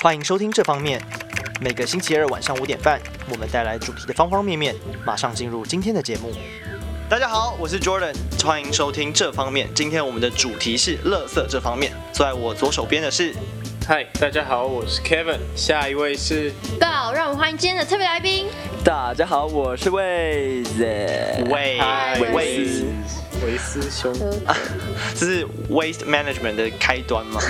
歡迎收聽這方面，每個星期二晚上五點半，我們帶來主題的方方面面。馬上進入今天的節目。大家好，我是 Jordan，歡迎收聽這方面。今天我們的主題是垃圾這方面。坐在我左手邊的是，嗨，大家好，我是 Kevin。下一位是，對，讓我們歡迎今天的特別來賓。大家好，我是 Wayzz。Wayzz，Wayzz Wayzz 韋斯兄呵呵、啊，這是 waste management 的開端嗎？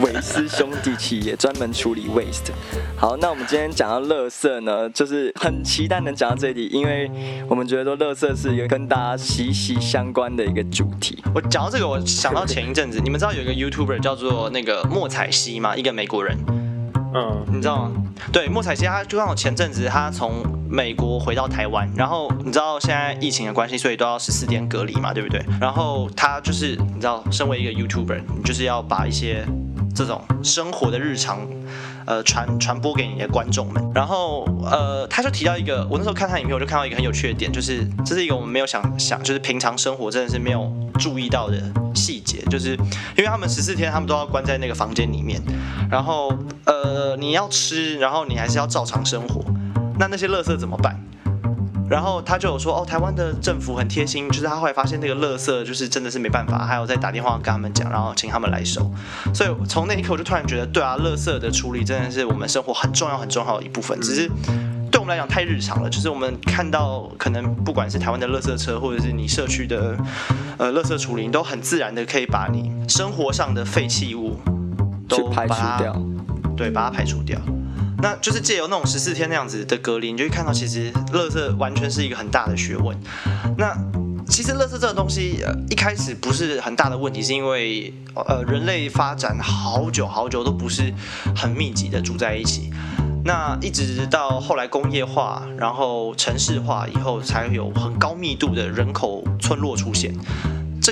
韋 斯兄弟企業專門處理 waste。好，那我們今天講到垃圾呢，就是很期待能講到這裡，因為我們覺得說垃圾是一個跟大家息息相關的一個主題。我講到這個，我想到前一陣子對對對，你們知道有一個 YouTuber 叫做那個莫彩希嗎？一個美國人，嗯，你知道嗎？對，莫彩希，他就像我前陣子他從。美國回到台灣，然後你知道現在疫情的關係，所以都要十四天隔離嘛，對不對？然後他就是你知道，身為一個 YouTuber，你就是要把一些這種生活的日常，呃，傳傳播給你的觀眾們。然後呃，他就提到一個，我那時候看他影片，我就看到一個很有趣的點，就是這是一個我們沒有想想，就是平常生活真的是沒有注意到的細節，就是因為他們十四天他們都要關在那個房間裡面，然後呃，你要吃，然後你還是要照常生活。那那些垃圾怎麼辦？然後他就有說，哦，台灣的政府很貼心，就是他後來發現那個垃圾，就是真的是沒辦法，還有在打電話跟他們講，然後請他們來收。所以從那一刻我就突然覺得，對啊，垃圾的處理真的是我們生活很重要、很重要的一部分。只是對我們來講太日常了，就是我們看到可能不管是台灣的垃圾車，或者是你社區的呃垃圾處理，你都很自然的可以把你生活上的廢棄物都把它排除掉，對，把它排除掉。那就是借由那種十四天那樣子的隔離，你就會看到其實垃圾完全是一個很大的學問。那其實垃圾這種東西，一開始不是很大的問題，是因為呃人類發展好久好久都不是很密集的住在一起。那一直到後來工業化，然後城市化以後，才有很高密度的人口村落出現。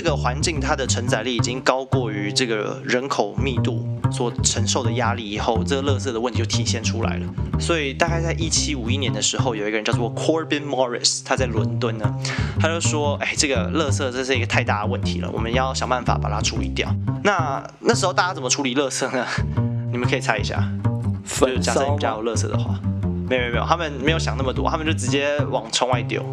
這個環境它的承載力已經高過於這個人口密度所承受的壓力以後，這個垃圾的問題就體現出來了。所以大概在一七五一年的時候，有一個人叫做 Corbin Morris，他在倫敦呢，他就說：“哎，這個垃圾這是一個太大的問題了，我們要想辦法把它處理掉。”那那時候大家怎麼處理垃圾呢？你們可以猜一下，就假設你們家有垃圾的話，沒有沒有，他們沒有想那麼多，他們就直接往窗外丟。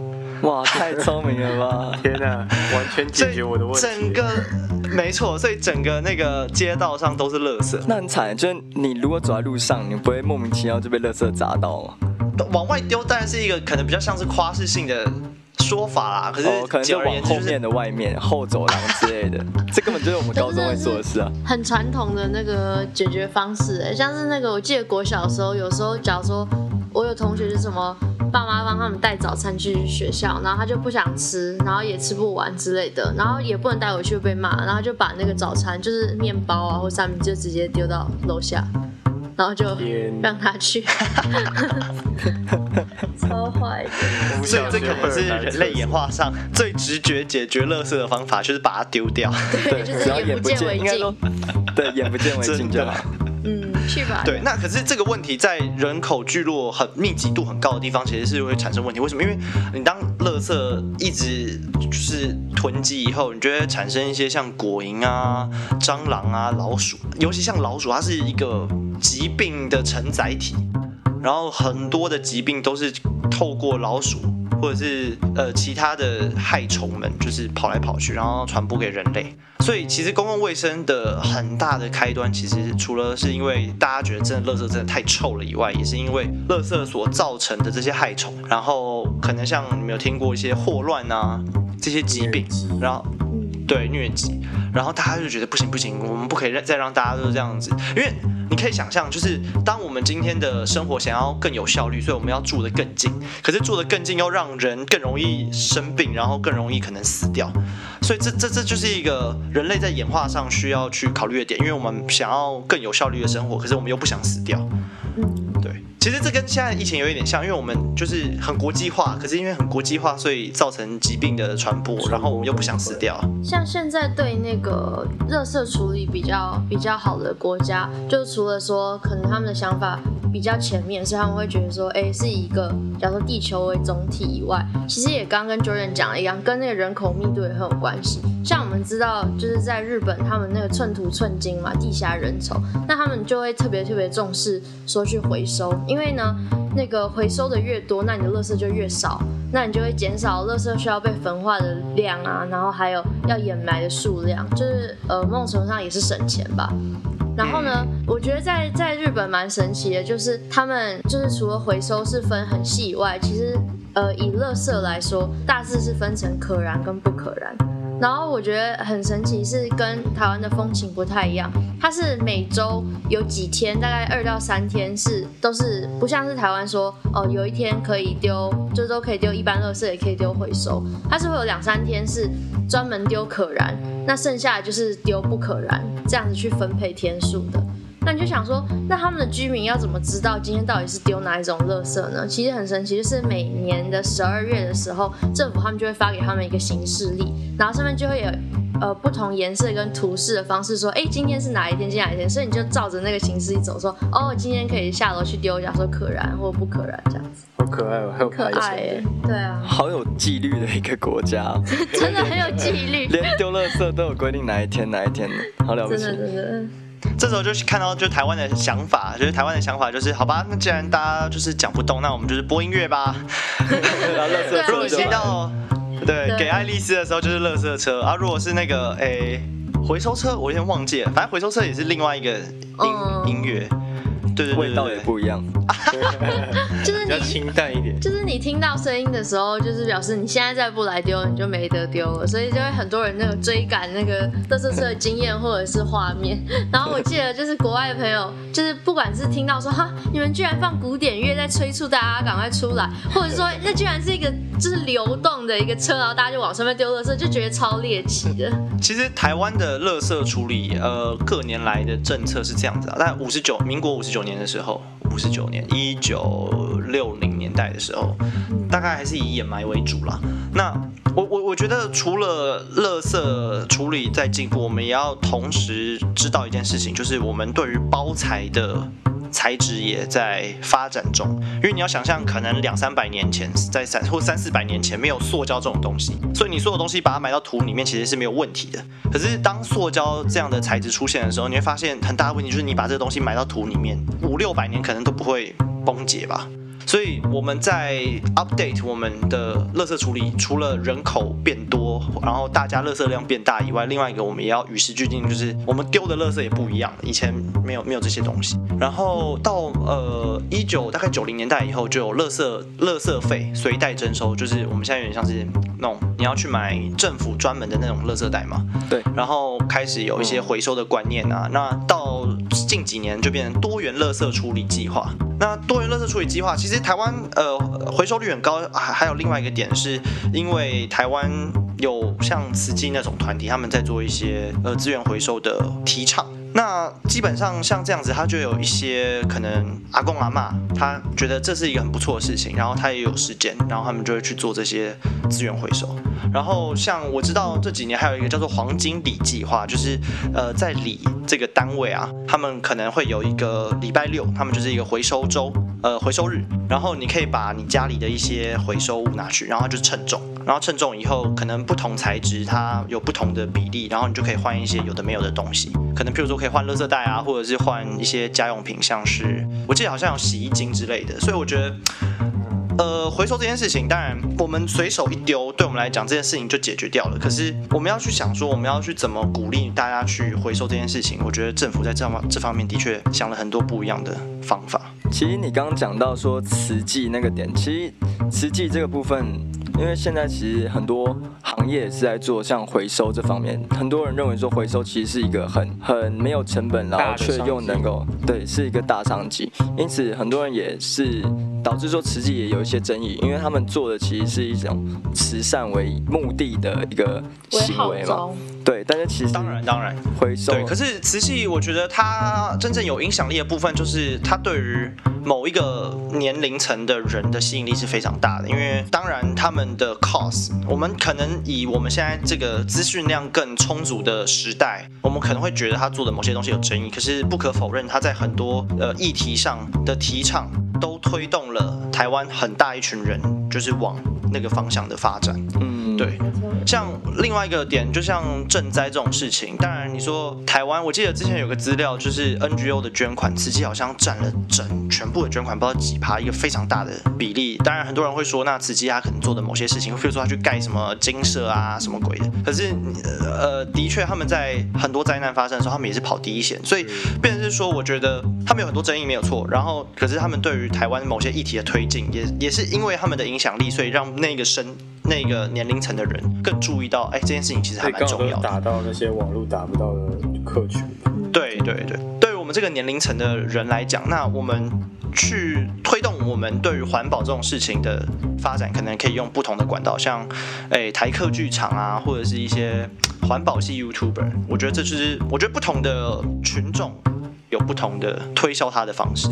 哇，太聰明了吧！ 天哪、啊，完全解決我的問題。整個，沒錯，所以整個那個街道上都是垃圾。那很慘，就是你如果走在路上，你不會莫名其妙就被垃圾砸到嗎？往外丟當然是一個可能比較像是誇飾性的。說法啦，可是，是、哦、可能就往後面的外面後走廊之類的， 這根本就是我們高中會做的事啊、 就是就是，很傳統的那個解決方式誒，像是那個我記得國小的時候，有時候假如說我有同學就是什麼爸媽幫他們帶早餐去學校，然後他就不想吃，然後也吃不完之類的，然後也不能帶回去就被罵，然後就把那個早餐就是面包啊或三明就直接丟到樓下。然後就讓他去， 超壞。所以這可能是人類演化上最直覺解決垃圾的方法就，就是把它丟掉。對，只要眼不見應該對，眼不見為淨，對吧？對，對，對，那可是這個問題在人口聚落很密集度很高的地方，其實是會產生問題。為什麼？因為你當垃圾一直就是囤積以後，你覺得產生一些像果蠅啊、蟑螂啊、老鼠，尤其像老鼠，它是一個疾病的承載體。然後很多的疾病都是透過老鼠，或者是呃其他的害蟲們，就是跑來跑去，然後傳播給人類。所以其實公共衛生的很大的開端，其實除了是因為大家覺得真的垃圾真的太臭了以外，也是因為垃圾所造成的這些害蟲。然後可能像你們有聽過一些霍亂啊這些疾病，然後。對，瘧疾，然後大家就覺得不行不行，我們不可以讓再讓大家都這樣子，因為你可以想象，就是當我們今天的生活想要更有效率，所以我們要住得更近，可是住得更近又讓人更容易生病，然後更容易可能死掉，所以這這這就是一個人類在演化上需要去考慮的點，因為我們想要更有效率的生活，可是我們又不想死掉。嗯其實這跟現在疫情有一點像，因為我們就是很國際化，可是因為很國際化，所以造成疾病的傳播，然後我們又不想死掉。像現在對那個垃圾處理比較比較好的國家，就除了說可能他們的想法比較前面，所以他們會覺得說，哎，是一個，假如說地球為總體以外，其實也剛剛跟 Jordan 講了一樣，跟那個人口密度也很有關係。像我們知道，就是在日本，他們那個寸土寸金嘛，地狹人稠，那他們就會特別特別重視說去回收，因為呢，那個回收的越多，那你的垃圾就越少，那你就會減少垃圾需要被焚化的量啊，然後還有要掩埋的數量，就是呃某種程度上也是省錢吧。然後呢，我覺得在在日本蠻神奇的，就是他們就是除了回收是分很細以外，其實呃以垃圾來說，大致是分成可燃跟不可燃。然後我覺得很神奇，是跟台灣的風情不太一樣。它是每周有幾天，大概二到三天是，是都是不像是台灣說，哦，有一天可以丟，這周可以丟一般垃圾也可以丟回收。它是會有兩三天是專門丟可燃，那剩下的就是丟不可燃，這樣子去分配天數的。那你就想說，那他們的居民要怎麼知道今天到底是丟哪一種垃圾呢？其實很神奇，就是每年的十二月的時候，政府他們就會發給他們一個行事曆，然後上面就會有呃不同顏色跟圖示的方式說，哎，今天是哪一天，今天哪一天，所以你就照着那個行事曆走說，說哦，今天可以下樓去丟，假設可燃或不可燃這樣子。好可愛哦，可愛、欸好有，對啊，好有紀律的一個國家， 真的很有紀律， 連丟垃圾都有規定哪一天哪一天的，好了不起。真的真的這時候就是看到，就台灣的想法，就是台灣的想法就是，好吧，那既然大家就是講不動，那我們就是播音樂吧。然後垃圾車 對，如果你，對，給愛麗絲的時候就是垃圾車啊。如果是那個誒、欸、回收車，我有點忘記了，反正回收車也是另外一個音音樂。Oh. 對，對，味道也不一樣， 就是你比較清淡一點。就是你聽到聲音的時候，就是表示你現在再不來丟，你就沒得丟了。所以就會很多人那個追趕那個得瑟瑟的經驗或者是畫面。然後我記得就是國外的朋友，就是不管是聽到說哈，你們居然放古典樂在催促大家趕快出來，或者說那居然是一個。就是流動的一個車，然後大家就往上面丟垃圾，就覺得超獵奇的。其實台灣的垃圾處理，呃，各年來的政策是這樣子啊，在五十九，民國五十九年的時候，五十九年，一九。六零年代的時候，大概還是以掩埋為主啦。那我我我覺得，除了垃圾處理在進步，我們也要同時知道一件事情，就是我們對於包材的材質也在發展中。因為你要想象，可能兩三百年前，在三或三四百年前，沒有塑膠這種東西，所以你所有東西把它埋到土裡面，其實是沒有問題的。可是當塑膠這樣的材質出現的時候，你會發現很大的問題，就是你把這個東西埋到土裡面，五六百年可能都不會崩解吧。所以我們在 update 我們的垃圾處理，除了人口變多，然後大家垃圾量變大以外，另外一個我們也要與時俱進，就是我們丟的垃圾也不一樣，以前沒有沒有這些東西。然後到呃一九大概九零年代以後，就有垃圾垃圾費隨袋徵收，就是我們現在有點像是弄，你要去買政府專門的那種垃圾袋嘛。對。然後開始有一些回收的觀念啊、嗯，那到近幾年就變成多元垃圾處理計劃。那多元垃圾處理計劃其實。其實台灣呃回收率很高。還還有另外一個點是，因為台灣有像慈濟那種團體，他們在做一些呃資源回收的提倡。那基本上像這樣子，他就有一些可能阿公阿嬤，他覺得這是一個很不錯的事情，然後他也有時間，然後他們就會去做這些資源回收。然後像我知道這幾年還有一個叫做黃金里計劃，就是呃在里這個單位啊，他們可能會有一個禮拜六，他們就是一個回收週，呃回收日，然後你可以把你家裡的一些回收物拿去，然後他就稱重，然後稱重以後可能不同材質它有不同的比例，然後你就可以換一些有的沒有的東西，可能譬如說可以。換垃圾袋啊，或者是換一些家用品，像是我記得好像有洗衣精之類的，所以我覺得，呃，回收這件事情，當然我們隨手一丟，對我們來講這件事情就解決掉了。可是我們要去想說，我們要去怎麼鼓勵大家去回收這件事情，我覺得政府在這方這方面的確想了很多不一樣的方法。其實你剛剛講到說慈濟那個點，其實慈濟這個部分。因為現在其實很多行業是在做像回收這方面，很多人認為說回收其實是一個很很沒有成本，然後卻又能夠對，是一個大商機，因此很多人也是，導致說慈濟也有一些爭議，因為他們做的其實是一種慈善為目的的一個行為嘛，對。但是其實當然當然回收對。可是慈濟，我覺得它真正有影響力的部分，就是它對於某一個年齡層的人的吸引力是非常大的。因為當然他們的 cause，我們可能以我們現在這個資訊量更充足的時代，我們可能會覺得他做的某些東西有爭議。可是不可否認，他在很多呃議題上的提倡都推動了。台灣很大一群人。就是往那個方向的發展，嗯，對。像另外一個點，就像賑災這種事情，當然你說台灣，我記得之前有個資料，就是 NGO 的捐款，慈濟好像佔了整全部的捐款不知道幾趴，一個非常大的比例。當然很多人會說那慈濟、啊，那慈濟他可能做的某些事情，比如說他去蓋什麼精舍啊，什麼鬼的。可是，呃，的確他們在很多災難發生的時候，他們也是跑第一線，所以，變成是說，我覺得他們有很多爭議沒有錯。然後，可是他們對於台灣某些議題的推進，也也是因為他們的影響。獎勵，所以讓那個生那個年齡層的人更注意到，哎、欸，這件事情其實還蠻重要的，達到那些網絡達不到的客群。對對對，對於我們這個年齡層的人來講，那我們去推動我們對於環保這種事情的發展，可能可以用不同的管道，像哎、欸、台客劇場啊，或者是一些環保系 YouTuber。我覺得這就是，我覺得不同的群眾有不同的推銷他的方式。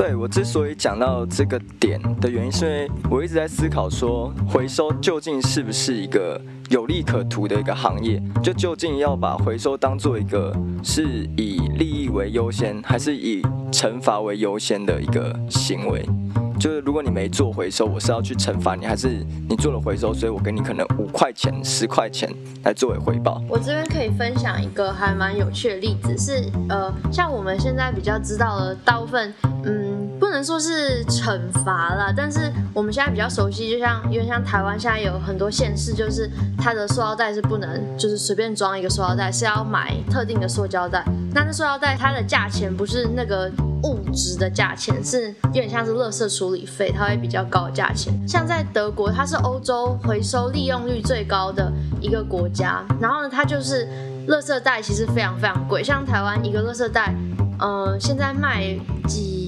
對我之所以講到這個點的原因，是因為我一直在思考說，回收究竟是不是一個有利可圖的一個行業？就究竟要把回收當做一個是以利益為優先，還是以懲罰為優先的一個行為？就是如果你沒做回收，我是要去懲罰你，還是你做了回收，所以我給你可能五塊錢、十塊錢來作為回報。我這邊可以分享一個還蠻有趣的例子，是呃，像我們現在比較知道的大部分，嗯。不能說是懲罰啦，但是我們現在比較熟悉，就像因為像台灣現在有很多縣市，就是它的塑料袋是不能，就是隨便裝一個塑料袋，是要買特定的塑膠袋。那這塑料袋它的價錢不是那個物質的價錢，是有點像是垃圾處理費，它會比較高的價錢。像在德國，它是歐洲回收利用率最高的一個國家，然後呢，它就是垃圾袋其實非常非常貴，像台灣一個垃圾袋，呃，現在賣幾。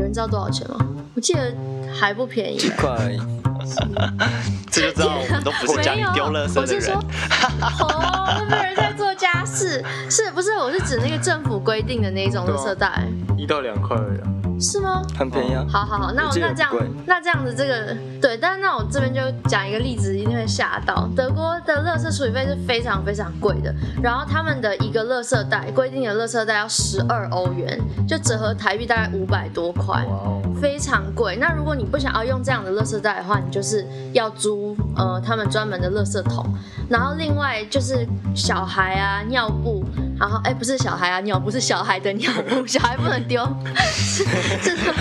有人知道多少錢嗎？我記得還不便宜，一塊。 這就知道我們都不會家，啊，沒有我是說， 哦，那邊人在做家事，是不是？我是指那個政府規定的那一種垃圾袋，啊。一到兩塊而已。是嗎？很便宜啊、哦！好好好，那我那這樣，那這樣子，這個對，但那我這邊就講一個例子，一定會嚇到。德國的垃圾處理費是非常非常貴的，然後他們的一個垃圾袋規定的垃圾袋要十二歐元，就折合台幣大概五百多塊，Wow. 非常貴。那如果你不想要用這樣的垃圾袋的話，你就是要租呃他們專門的垃圾桶，然後另外就是小孩啊尿布，然後，哎、欸，不是小孩啊，尿不是小孩的尿布，小孩不能丟 是嗎。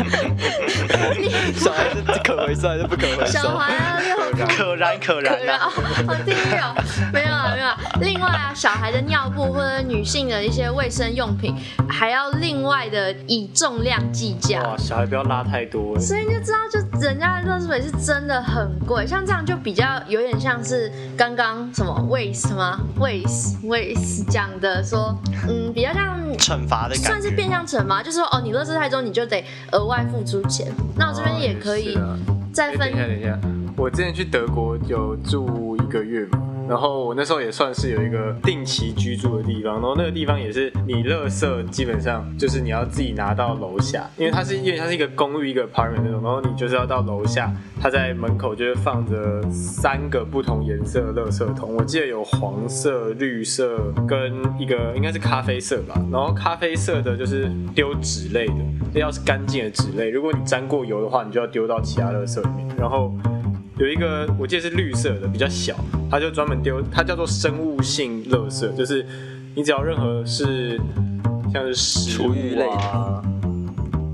小孩是可回收還是不可回收？小孩的尿布可燃可燃好，第一哦沒有啊,啊,啊,啊， 沒有,沒有另外啊，小孩的尿布或者女性的一些衛生用品，還要另外的以重量計價。哇，小孩不要拉太多。所以你就知道，就人家的垃圾費是真的很貴。像這樣就比較有點像是剛剛什麼,、嗯、什麼 waste 嗎？waste waste 講的說。嗯，比較像懲罰的感覺，算是變相懲罰。 就是說，哦，你垃圾太重，你就得額外付出錢。哦、那我這邊也可以再分、啊欸等。等一下，我之前去德國有住。個月嘛，然後我那時候也算是有一個定期居住的地方，然後那個地方也是你垃圾基本上就是你要自己拿到樓下，因為它是因為它是一個公寓一個 apartment 那種，然後你就是要到樓下，他在門口就是放着三個不同顏色的垃圾桶，我記得有黃色、綠色跟一個應該是咖啡色吧，然後咖啡色的就是丟紙類的，這要是乾淨的紙類，如果你沾過油的話，你就要丟到其他垃圾裡面，然後。有一個，我記得是綠色的，比較小，它就專門丟，它叫做生物性垃圾，就是你只要任何是像是食物啊、廚餘類、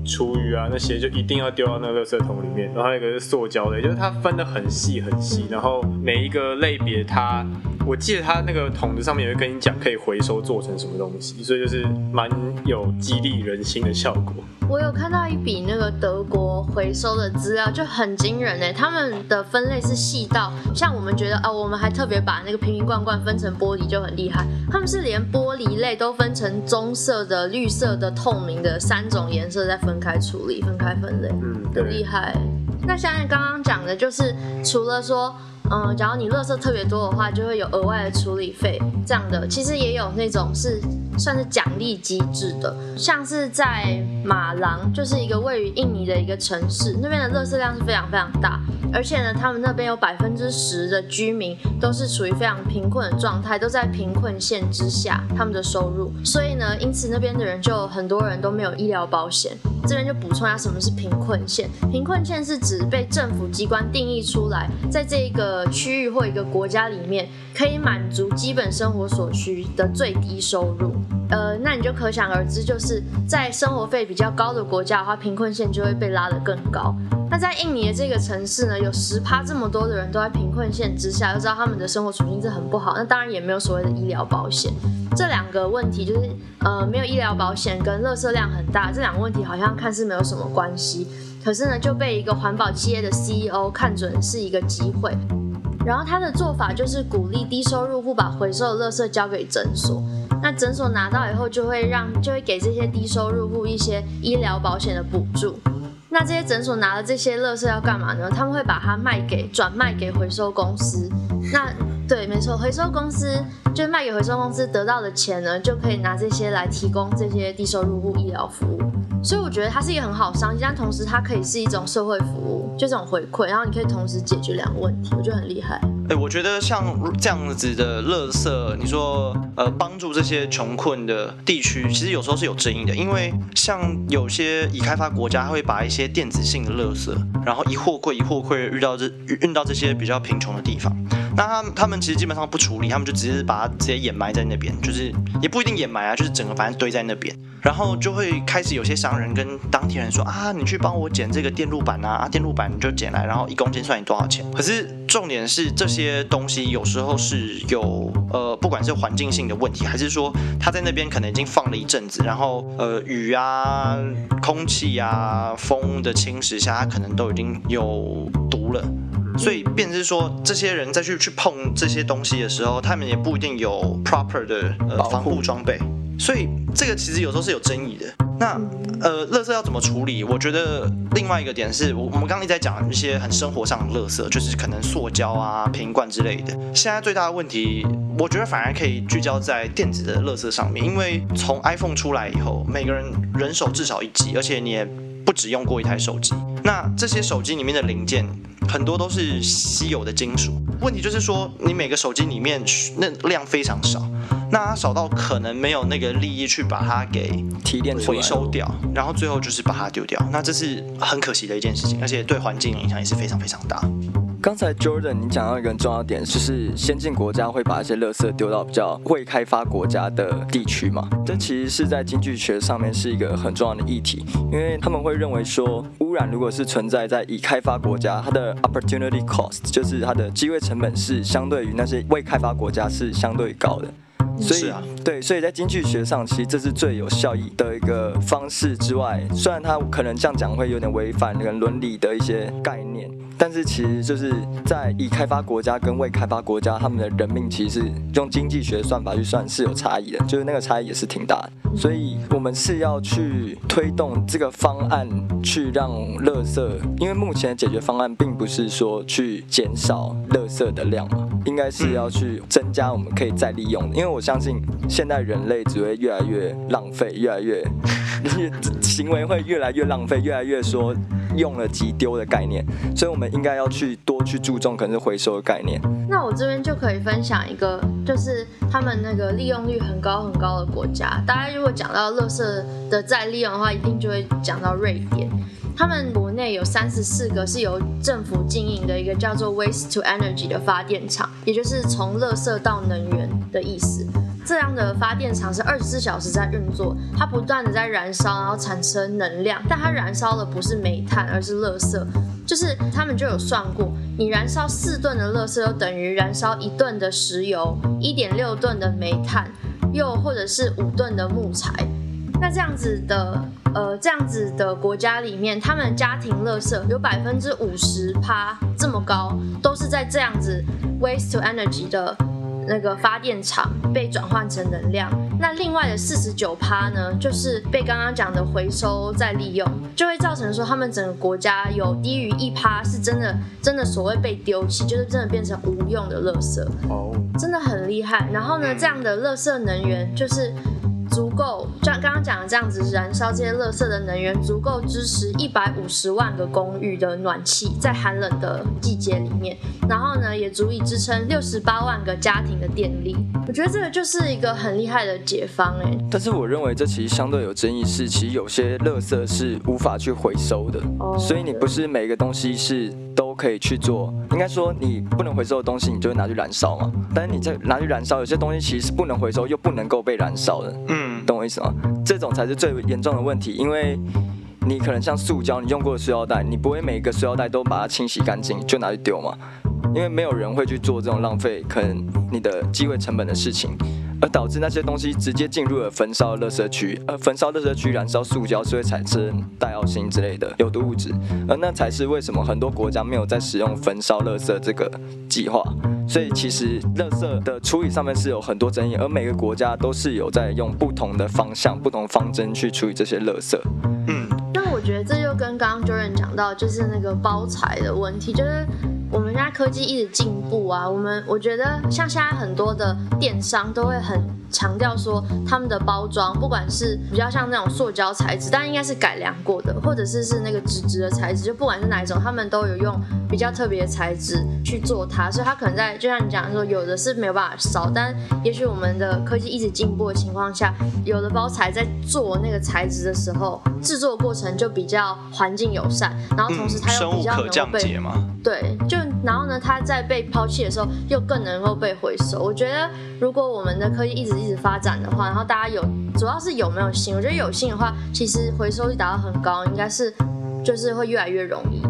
廚餘啊那些，就一定要丟到那個垃圾桶裡面。然後還有一個是塑膠類，就是它分得很細很細，然後每一個類別它，我記得它那個桶子上面也會跟你講可以回收做成什麼東西，所以就是蠻有激勵人心的效果。我有看到一筆那個德國回收的資料，就很驚人呢、欸。他們的分類是細到像我們覺得啊，我們還特別把那個瓶瓶罐罐分成玻璃就很厲害，他們是連玻璃類都分成棕色的、綠色的、透明的三種顏色再分開處理、分開分類，嗯，很厲害、欸嗯。那像你剛剛講的，就是除了說，嗯，假如你垃圾特別多的話，就會有額外的處理費這樣的，其實也有那種是。算是獎勵機制的，像是在瑪琅，就是一個位於印尼的一個城市，那邊的垃圾量是非常非常大，而且呢，他們那邊有百分之十的居民都是處於非常貧困的狀態，都在貧困線之下，他們的收入，所以呢，因此那邊的人就很多人都沒有醫療保險。這邊就補充一下，什麼是貧困線？貧困線是指被政府機關定義出來，在這一個區域或一個國家裡面，可以滿足基本生活所需的最低收入，呃，那你就可想而知，就是在生活費比較高的國家的話，貧困線就會被拉得更高。那在印尼的這個城市呢，有十趴這麼多的人都在貧困線之下，又知道他們的生活處境是很不好。那當然也沒有所謂的醫療保險，這兩個問題就是，呃，沒有醫療保險跟垃圾量很大這兩個問題好像看似沒有什麼關係，可是呢，就被一個環保企業的 CEO 看準是一個機會。然後他的做法就是鼓勵低收入戶把回收的垃圾交給診所，那診所拿到以後就會讓，就會給這些低收入戶一些醫療保險的補助。那這些診所拿了這些垃圾要幹嘛呢？他們會把它賣給轉賣給回收公司。那對，沒錯，回收公司就賣給回收公司得到的錢呢，就可以拿這些來提供這些低收入戶醫療服務。所以我覺得它是一個很好商機，但同時它可以是一種社會服務，就這種回饋，然後你可以同時解決兩個問題，我覺得很厲害。哎、欸，我覺得像這樣子的垃圾，你說，呃，幫助這些窮困的地區，其實有時候是有爭議的。因為像有些已開發國家，會把一些電子性的垃圾，然後一貨櫃一貨櫃運到這運到這些比較貧窮的地方。那他他們其實基本上不處理，他們就直接把它直接掩埋在那邊，就是也不一定掩埋啊，就是整個反正堆在那邊，然後就會開始有些商人跟當地人說啊，你去幫我撿這個電路板啊，啊電路板你就撿來，然後一公斤算你多少錢。可是。重點是這些東西有時候是有呃，不管是環境性的問題，還是說他在那邊可能已經放了一陣子，然後呃雨啊、空氣啊、風的侵蝕下，它可能都已經有毒了。所以，變成是說，這些人再去去碰這些東西的時候，他們也不一定有 proper 的呃防護裝備。所以，這個其實有時候是有爭議的。那呃，垃圾要怎麼處理？我覺得另外一個點是，我我們剛剛一直在講一些很生活上的垃圾，就是可能塑膠啊、瓶罐之類的。現在最大的問題，我覺得反而可以聚焦在電子的垃圾上面，因為從 iPhone 出來以後，每個人人手至少一機，而且你也不只用過一台手機。那這些手機裡面的零件。很多都是稀有的金屬，問題就是說，你每個手機裡面那量非常少，那它少到可能沒有那個利益去把它給提煉回收掉，然後最後就是把它丟掉，那這是很可惜的一件事情，而且對環境影響也是非常非常大。剛才 Jordan，你講到一個很重要的點，就是先進國家會把一些垃圾丟到比較未開發國家的地區嘛？這其實是在經濟學上面是一個很重要的議題，因為他們會認為說，污染如果是存在在已開發國家，它的 opportunity cost 就是它的機會成本是相對於那些未開發國家是相對高的。所以、啊、對，所以在經濟學上，其實這是最有效益的一個方式之外，雖然它可能這樣講會有點違反人倫理的一些概念，但是其實就是在已開發國家跟未開發國家，他們的人命其實用經濟學算法去算是有差異的，就是那個差異也是挺大的。所以我們是要去推動這個方案，去讓垃圾，因為目前的解決方案並不是說去減少垃圾的量嘛，應該是要去增加我們可以再利用的，因為我。相信現代人類只會越來越浪費，越來越行為會越來越浪費，越來越說。用了“即丟”的概念，所以我們應該要去多去注重可能是回收的概念。那我這邊就可以分享一個，就是他們那個利用率很高很高的國家。大家如果講到垃圾的再利用的話，一定就會講到瑞典。他們國內有三十四個是由政府經營的一個叫做 “Waste to Energy” 的發電廠，也就是從垃圾到能源的意思。這樣的發電廠是二十四小時在運作，它不斷的在燃燒，然後產生能量。但它燃燒的不是煤炭，而是垃圾。就是他們就有算過，你燃燒四噸的垃圾，就等於燃燒一噸的石油，一點六噸的煤炭，又或者是五噸的木材。那這樣子的，呃，這樣子的國家裡面，他們家庭垃圾有百分之五十趴這麼高，都是在這樣子 waste to energy 的，那個發電廠被轉換成能量，那另外的四十九趴呢，就是被剛剛講的回收再利用，就會造成說他們整個國家有低於一趴是真的，真的所謂被丟棄，就是真的變成無用的垃圾，真的很厲害。然後呢，這樣的垃圾能源就是。足夠，像剛剛講的這樣子，燃燒這些垃圾的能源足夠支持一百五十萬個公寓的暖氣在寒冷的季節裡面，然後呢，也足以支撐六十八萬個家庭的電力。我覺得這個就是一個很厲害的解方耶。但是我認為這其實相對有爭議是，是其實有些垃圾是無法去回收的，oh, 所以你不是每個東西是都。可以去做，應該說，你不能回收的東西，你就會拿去燃燒嘛。但是你在拿去燃燒，有些東西其實是不能回收又不能夠被燃燒的。嗯，懂我意思嗎？這種才是最嚴重的問題，因為你可能像塑膠，你用過的塑膠袋，你不會每一個塑膠袋都把它清洗乾淨就拿去丟嘛，因為沒有人會去做這種浪費可能你的機會成本的事情。而導致那些東西直接進入了焚燒垃圾區，而、呃、焚燒垃圾區燃燒塑膠是會產生戴奧辛之類的有毒物質，而那才是為什麼很多國家沒有在使用焚燒垃圾這個計劃。所以其實垃圾的處理上面是有很多爭議，而每個國家都是有在用不同的方向、不同方針去處理這些垃圾。嗯，那我覺得這就跟剛剛 Jordan 講到，就是那個包材的問題，就是……我們家科技一直進步啊，我們我覺得像現在很多的電商都會很強調說他們的包裝，不管是比較像那種塑膠材質，但應該是改良過的，或者是是那個紙質的材質，就不管是哪一種，他們都有用比較特別的材質去做它，所以它可能在就像你講說有的是沒有辦法燒，但也許我們的科技一直進步的情況下，有的包材在做那個材質的時候，製作過程就比較環境友善，然後同時它又比較能被、嗯、可降解對，就。然後呢，它在被拋棄的時候又更能夠被回收。我覺得，如果我們的科技一直一直發展的話，然後大家有，主要是有沒有心？我覺得有心的話，其實回收率達到很高，應該是就是會越來越容易，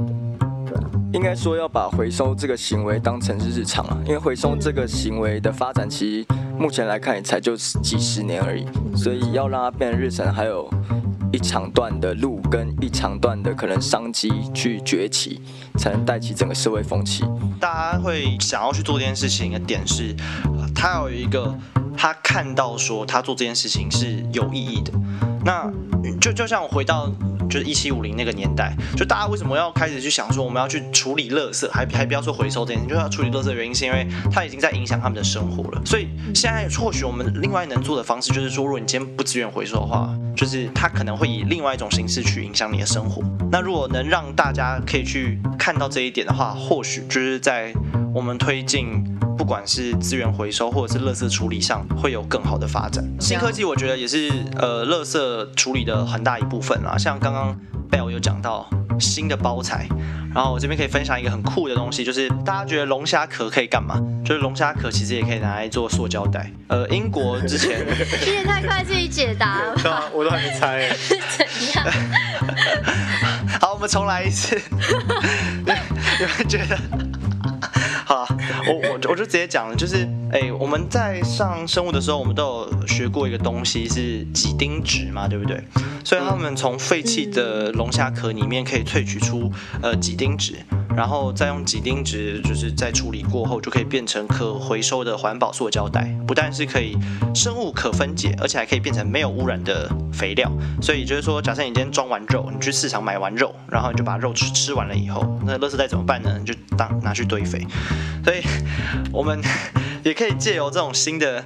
對啊。應該說要把回收這個行為當成是日常啊，因為回收這個行為的發展，其實目前來看也才就幾十年而已，嗯，所以要讓它變成日常，還有。一長段的路跟一長段的可能商機去崛起，才能帶起整個社會風氣。大家會想要去做這件事情的點是，他有一個他看到說他做這件事情是有意義的。那就就像我回到。就是一七五零那個年代，就大家為什麼要開始去想說我們要去處理垃圾，還還不要說回收這件事情，就要處理垃圾的原因是因為它已經在影響他們的生活了。所以現在或許我們另外能做的方式就是說，如果你今天不自願回收的話，就是它可能會以另外一種形式去影響你的生活。那如果能讓大家可以去看到這一點的話，或許就是在我們推進。不管是資源回收或者是垃圾處理上，會有更好的發展。新科技我覺得也是呃，垃圾處理的很大一部分啦。像剛剛 Bell 有講到新的包材，然後我這邊可以分享一個很酷的東西，就是大家覺得龍蝦殼可以幹嘛？就是龍蝦殼其實也可以拿來做塑膠袋。呃，英國之前，你也太快自己解答了，我都還沒猜。是怎樣？ 好，我們重來一次。有人覺得？ 我我就我就直接講了，就是哎、欸，我們在上生物的時候，我們都有學過一個東西是幾丁質嘛，對不對？所以他們從廢棄的龍蝦殼裡面可以萃取出呃幾丁質。然後再用幾丁質，就是在處理過後就可以變成可回收的環保塑膠袋，不但是可以生物可分解，而且還可以變成沒有污染的肥料。所以就是說，假設你今天裝完肉，你去市場買完肉，然後你就把肉吃吃完了以後，那垃圾袋怎麼辦呢？你就當拿去堆肥。所以，我們也可以借由這種新的。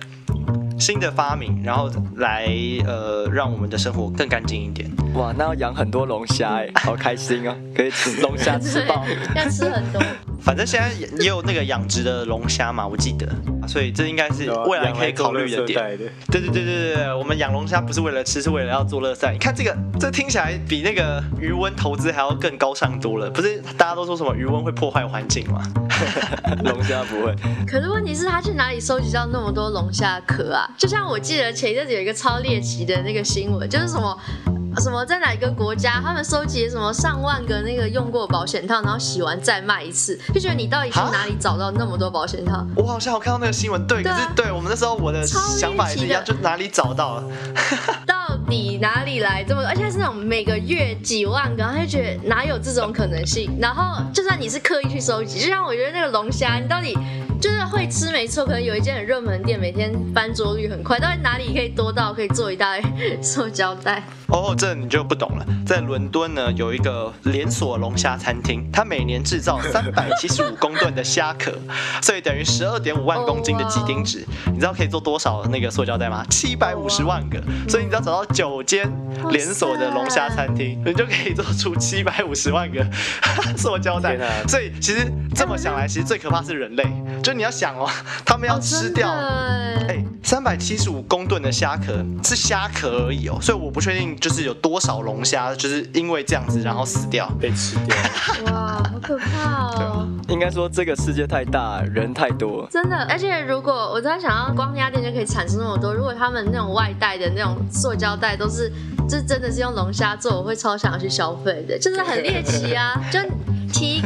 新的發明，然後來呃，讓我們的生活更乾淨一點。哇，那要養很多龍蝦哎，好開心哦， 可以吃龍蝦吃爆。 要吃很多。反正現在也,也有那個養殖的龍蝦嘛，我記得。所以這應該是未來可以考慮的點。對對對對對，我們養龍蝦不是為了吃，是為了要做樂賽。你看這個，這聽起來比那個漁翁投資還要更高尚多了。不是大家都說什麼漁翁會破壞環境嗎？ 龍蝦不會。可是問題是，他去哪裡收集到那麼多龍蝦殼啊？就像我記得前一陣子有一個超獵奇的那個新聞，就是什麼。什麼在哪一個國家？他們收集，什麼上萬個那個用過保險套，然後洗完再賣一次，就覺得你到底去哪裡找到那麼多保險套？我好像有看到那個新聞，對，對啊，可是對我們那時候我的想法也是一樣，就哪裡找到了？ 到底哪裡來這麼多？而且是那種每個月幾萬個，他就覺得哪有這種可能性？然後就算你是刻意去收集，就像我覺得那個龍蝦，你到底？就是會吃沒錯，可能有一間很熱門店，每天翻桌率很快。到底哪裡可以多到可以做一袋塑膠袋？哦、oh,，這你就不懂了。在倫敦呢，有一個連鎖龍蝦餐廳，它每年製造三百七十五公噸的蝦殼， 所以等於十二點五萬公斤的幾丁質。Oh, wow. 你知道可以做多少那個塑膠袋嗎？七百五十萬個。Oh, wow. 所以你只要找到九間連鎖的龍蝦餐廳，你、oh, yeah. 就可以做出七百五十萬個塑膠袋。所以其實這麼想來，哎、其實最可怕是人類。所以你要想哦，他們要吃掉，哎、哦，三百七十五公噸的蝦殼是蝦殼而已哦，所以我不確定就是有多少龍蝦就是因為這樣子然後死掉被吃掉。哇，好可怕哦！對啊，應該說這個世界太大，人太多。真的，而且如果我在想要光壓電就可以產生那麼多，如果他們那種外帶的那種塑膠袋都是，這真的是用龍蝦做，我會超想要去消費的，就是很獵奇啊， 就。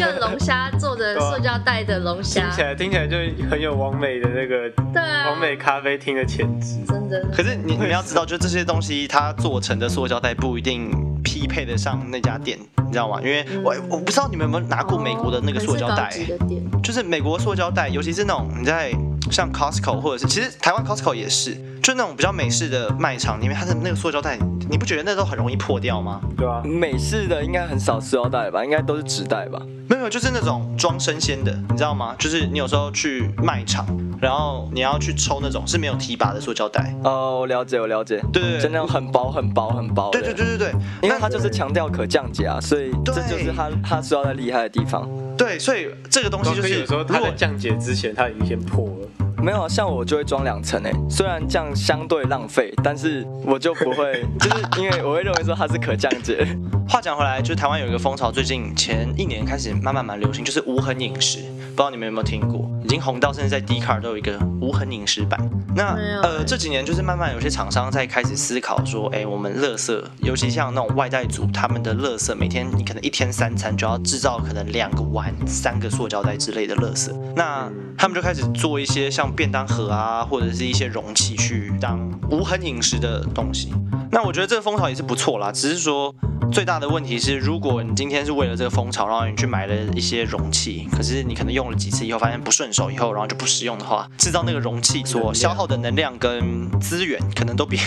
一個龍蝦，做的塑膠袋的龍蝦、啊，聽起來聽起來就很有王美的那個對、啊、王美咖啡廳的潛質，真的。可是你、嗯、你要知道，就是、這些東西它做成的塑膠袋不一定匹配得上那家店，你知道嗎？因為、嗯、我我不知道你們有沒有拿過美國的那個塑膠袋、哦店，就是美國塑膠袋，尤其是那種你在。像 Costco 或者是，其實台灣 Costco 也是，就是那種比較美式的賣場，裡面，它的那個塑膠袋，你不覺得那都很容易破掉嗎？對啊，美式的應該很少塑料袋吧，應該都是紙袋吧？沒有，就是那種裝生鮮的，你知道嗎？就是你有時候去賣場，然後你要去抽那種是沒有提拔的塑膠袋。哦、oh，我了解，我了解。對，對，對，就那種很薄、很薄、很薄、很薄。對，對對對對對，因為它就是強調可降解啊，所以這就是它它塑料袋厲害的地方。對，所以這個東西就是，有時候它在降解之前它已經先破了。沒有，像我就會裝兩層哎，雖然這樣相對浪費，但是我就不會，就是因為我會認為說它是可降解。 話講回來，就是台灣有一個風潮，最近前一年開始慢慢蠻流行，就是無痕飲食，不知道你們有沒有聽過？已經紅到甚至在 Dcard 都有一個無痕飲食版。那呃，這幾年就是慢慢有些廠商在開始思考說，哎、欸，我們垃圾，尤其像那種外帶族，他們的垃圾，每天你可能一天三餐就要製造可能兩個碗、三個塑膠袋之類的垃圾。那他們就開始做一些像便當盒啊，或者是一些容器，去當無痕飲食的東西。那我覺得這個風潮也是不錯啦，只是說最大的問題是，如果你今天是為了這個風潮，然後你去買了一些容器，可是你可能用了幾次以後發現不順手以後，然後就不實用的話，製造那個容器所消耗的能量跟資源可能都比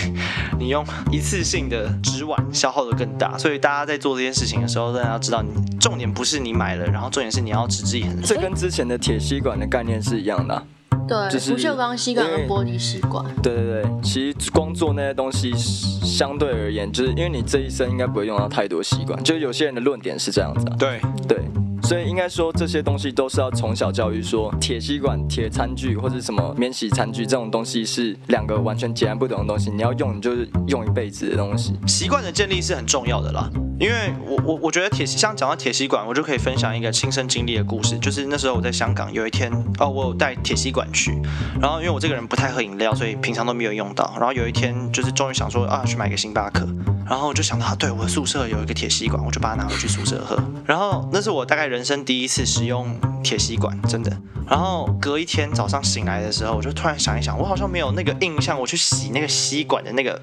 你用一次性的紙碗消耗得更大，所以大家在做這件事情的時候，大家要知道，你重點不是你買了，然後重點是你要持之以恆。這跟之前的鐵吸管的概念是一樣的啊。對，欸，就是不鏽鋼吸管和玻璃吸管。對對對，其實光做那些東西，相對而言，就是因為你這一生應該不會用到太多吸管，就有些人的論點是這樣子。啊對，對對。所以應該說，這些東西都是要從小教育說，說鐵吸管、鐵餐具或者什麼免洗餐具這種東西，是兩個完全截然不同的東西。你要用，你就是用一輩子的東西。習慣的建立是很重要的啦，因為我我我覺得鐵吸像講到鐵吸管，我就可以分享一個親身經歷的故事，就是那時候我在香港，有一天哦，我有帶鐵吸管去，然後因為我這個人不太喝飲料，所以平常都沒有用到。然後有一天就是終於想說啊，去買個星巴克。然後我就想到，對，我的宿舍有一個鐵吸管，我就把它拿回去宿舍喝。然後那是我大概人生第一次使用鐵吸管，真的。然後隔一天早上醒來的時候，我就突然想一想，我好像沒有那個印象，我去洗那個吸管的那個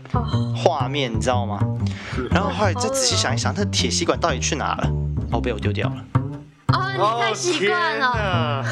畫面，你知道嗎？然後後來再仔細想一想，那鐵吸管到底去哪了？哦，被我丟掉了。哦，你太習慣了、啊，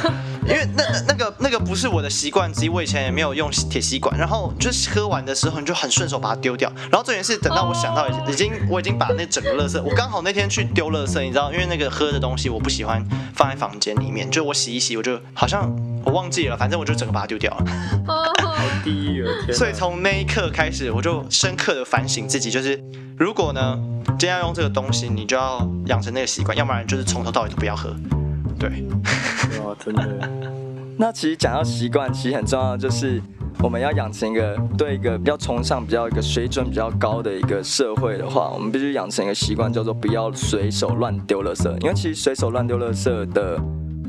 因為那那個那個不是我的習慣，其實我以前也沒有用鐵吸管，然後就是喝完的時候你就很順手把它丟掉，然後重點是等到我想到已經、哦、已經我已經把那整個垃圾，我剛好那天去丟垃圾，你知道，因為那個喝的東西我不喜歡放在房間裡面，就我洗一洗，我就好像。我忘記了，反正我就整個把它丟掉了。 好低啊、哦！所以從那一刻開始，我就深刻的反省自己，就是如果呢，今天要用這個東西，你就要養成那個習慣，要不然就是從頭到尾都不要喝。對。哇、啊，真的。 那其實講到習慣，其實很重要，就是我們要養成一個對一個比較崇尚、比較一個水準比較高的一個社會的話，我們必須養成一個習慣，叫做不要隨手亂丟垃圾。因為其實隨手亂丟垃圾的。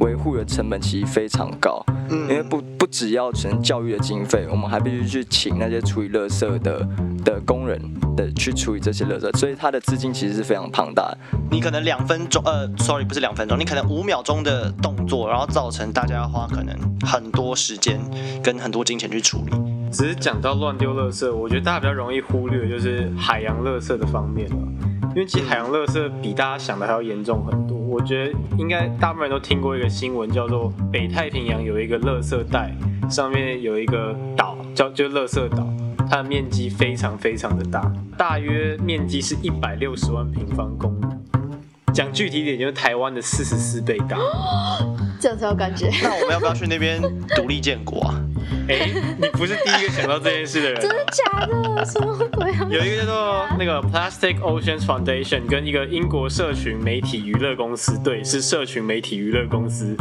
維護的成本其實非常高，因為不不只要存教育的經費，我們還必須去請那些處理垃圾的的工人的去處理這些垃圾，所以他的資金其實是非常龐大的。你可能兩分鐘，呃，sorry，不是兩分鐘，你可能五秒鐘的動作，然後造成大家要花可能很多時間跟很多金錢去處理。只是講到亂丟垃圾，我覺得大家比較容易忽略就是海洋垃圾的方面了，因為其實海洋垃圾比大家想的還要嚴重很多。我覺得應該大部分人都聽過一個新聞，叫做北太平洋有一個垃圾帶，上面有一個島叫就是、垃圾島，它的面積非常非常的大，大約面積是一百六十萬平方公里。講具體點，就是台灣的四十四倍大。這樣才有感覺， 那我們要不要去那邊獨立建國啊？誒，你不是第一個想到這件事的人， 真的假的？什麼鬼啊？有一個叫做、啊、那個 Plastic Oceans Foundation，跟一個英國社群媒體娛樂公司，對，是社群媒體娛樂公司，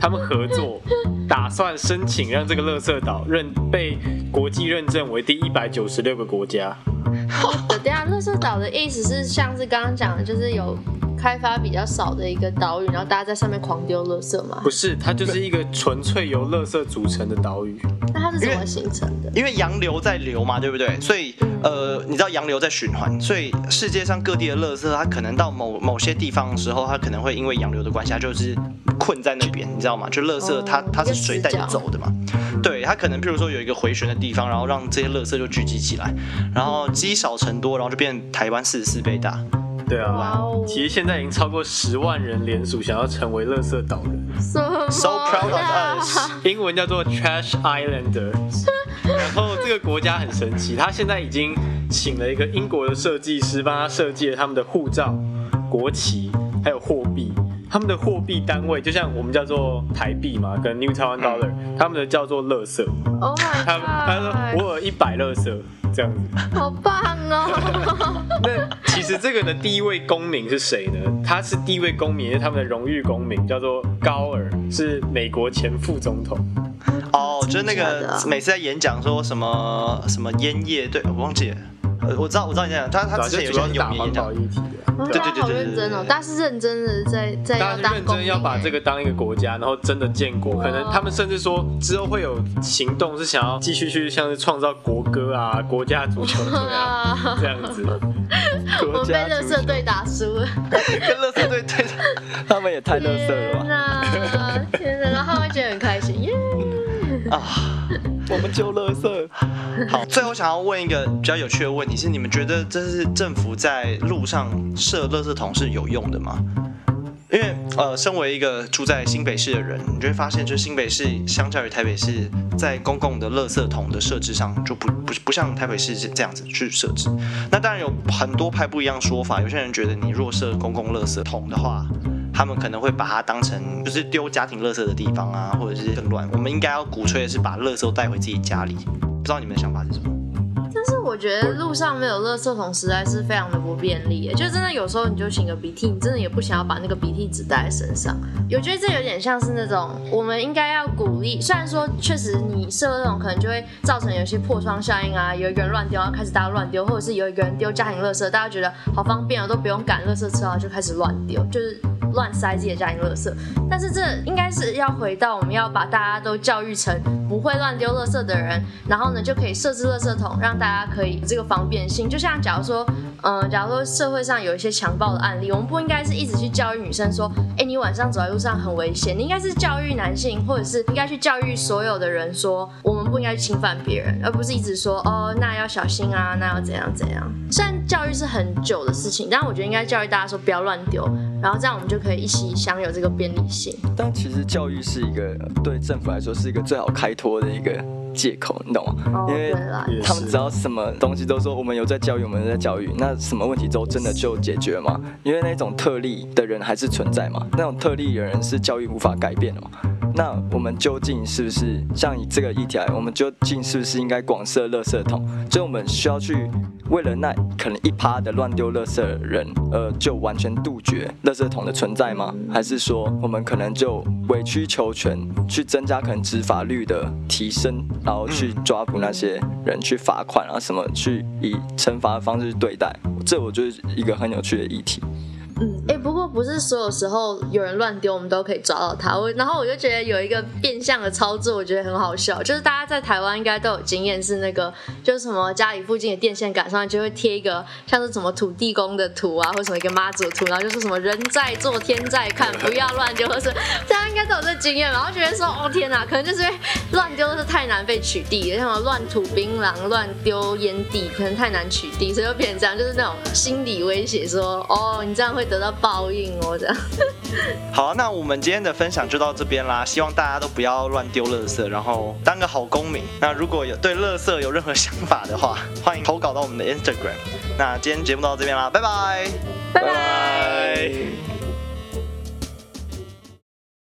他們合作， 打算申請讓這個垃圾島認被國際認證為第一百九十六個國家。 對啊，垃圾島的意思是像是剛剛講的，就是有開發比較少的一個島嶼，然後大家在上面狂丟垃圾嘛？不是，它就是一個純粹由垃圾組成的島嶼。那它是怎麼形成的因？因為洋流在流嘛，對不對？所以呃，你知道洋流在循環，所以世界上各地的垃圾，它可能到某某些地方的時候，它可能會因為洋流的關係，它就是困在那邊，你知道嗎？就垃圾它它是水帶你走的嘛。嗯對，他可能譬如說有一個回旋的地方，然後讓這些垃圾就聚集起來，然後積少成多，然後就變台灣四十四倍大。對啊，其實現在已經超過十萬人聯署，想要成為垃圾島人。So proud of us，英文叫做 Trash Islanders。 然後這個國家很神奇，他現在已經請了一個英國的設計師幫他設計了他們的護照、國旗還有貨幣。他們的貨幣單位就像我們叫做台幣嘛，跟 New Taiwan Dollar、嗯、他們的叫做垃圾。Oh my god，他們他們說我有一百垃圾這樣子。好棒哦！ 那其實這個的第一位公民是誰呢？他是第一位公民，就是他們的榮譽公民，叫做高爾，是美國前副總統。哦，就是那個每次在演講說什麼什麼煙葉，對我忘記了。我知道，我知道，現在他他直接主動打環保議題了、啊，對對對對對，對，他是認真的在在認真要把這個當一個國家，然後真的建國，可能他們甚至說之後會有行動，是想要繼續去像是創造國歌啊，國家足球隊啊這樣子。我被樂色隊打輸了，跟樂色隊。對，他們也太樂色了，了吧，天哪、啊，天哪、啊，然後他們覺得很開心，耶啊。我們就垃圾好。最後想要問一個比較有趣的問題是：你們覺得這是政府在路上設垃圾桶是有用的嗎？因為呃，身為一個住在新北市的人，你就會發現，就新北市相較於台北市，在公共的垃圾桶的設置上，就不不不像台北市這樣子去設置。那當然有很多派不一樣說法，有些人覺得你若設公共垃圾桶的話。他們可能會把它當成就是丟家庭垃圾的地方啊，或者是更亂。我們應該要鼓吹的是把垃圾帶回自己家裡。不知道你們的想法是什麼？但是我覺得路上沒有垃圾桶實在是非常的不便利。就真的有時候你就擤個鼻涕，你真的也不想要把那個鼻涕紙帶在身上。我覺得這有點像是那種我們應該要鼓勵。雖然說確實你設那種可能就會造成有些破窗效應啊，有一個人亂丟，要開始大家亂丟，或者是有一個人丟家庭垃圾，大家覺得好方便啊、哦，都不用趕垃圾車啊，就開始亂丟，就是。亂塞自己的家庭垃圾，但是這應該是要回到我們要把大家都教育成。不會亂丟垃圾的人，然後呢，就可以設置垃圾桶，讓大家可以這個方便性。就像假如說，嗯、呃，假如說社會上有一些強暴的案例，我們不應該是一直去教育女生說，哎，你晚上走在路上很危險，你應該是教育男性，或者是應該去教育所有的人說，我們不應該去侵犯別人，而不是一直說哦，那要小心啊，那要怎樣怎樣。雖然教育是很久的事情，但是我覺得應該教育大家說不要亂丟，然後這樣我們就可以一起享有這個便利性。但其實教育是一個對政府來說是一個最好開。拖的一個借口，你懂嗎？Oh, 因為他們只要什麼東西都說我們有在教育，我們有在教育，那什麼問題都真的就解決嗎？因為那種特例的人還是存在嘛，那種特例的人是教育無法改變的嘛。那我們究竟是不是像以這個議題來？我們究竟是不是應該廣設垃圾桶？所以我們需要去為了那可能一趴的亂丟垃圾的人，而就完全杜絕垃圾桶的存在嗎？還是說我們可能就委曲求全去增加可能執法率的提升，然後去抓捕那些人去罰款啊什麼，去以懲罰的方式對待？這我覺得是一個很有趣的議題。嗯。不是所有時候有人亂丟，我們都可以抓到他。我然後我就覺得有一個變相的操作，我覺得很好笑，就是大家在台灣應該都有經驗，是那個就是什麼家裡附近的電線桿上就會貼一個像是什麼土地公的圖啊，或者什麼一個媽祖圖，然後就是什麼人在做天在看，不要亂丟，或是大家應該都有這經驗吧。然後覺得說哦天哪，可能就是因為亂丟是太難被取締的，像亂吐檳榔、亂丟煙、煙蒂，可能太難取締，所以就變成這樣，就是那種心理威脅說，說哦你這樣會得到報應。好啊，那我們今天的分享就到這邊啦。希望大家都不要亂丟垃圾，然後當個好公民。那如果有對垃圾有任何想法的話，歡迎投稿到我們的 Instagram。那今天節目到這邊啦，拜拜，拜拜。Bye bye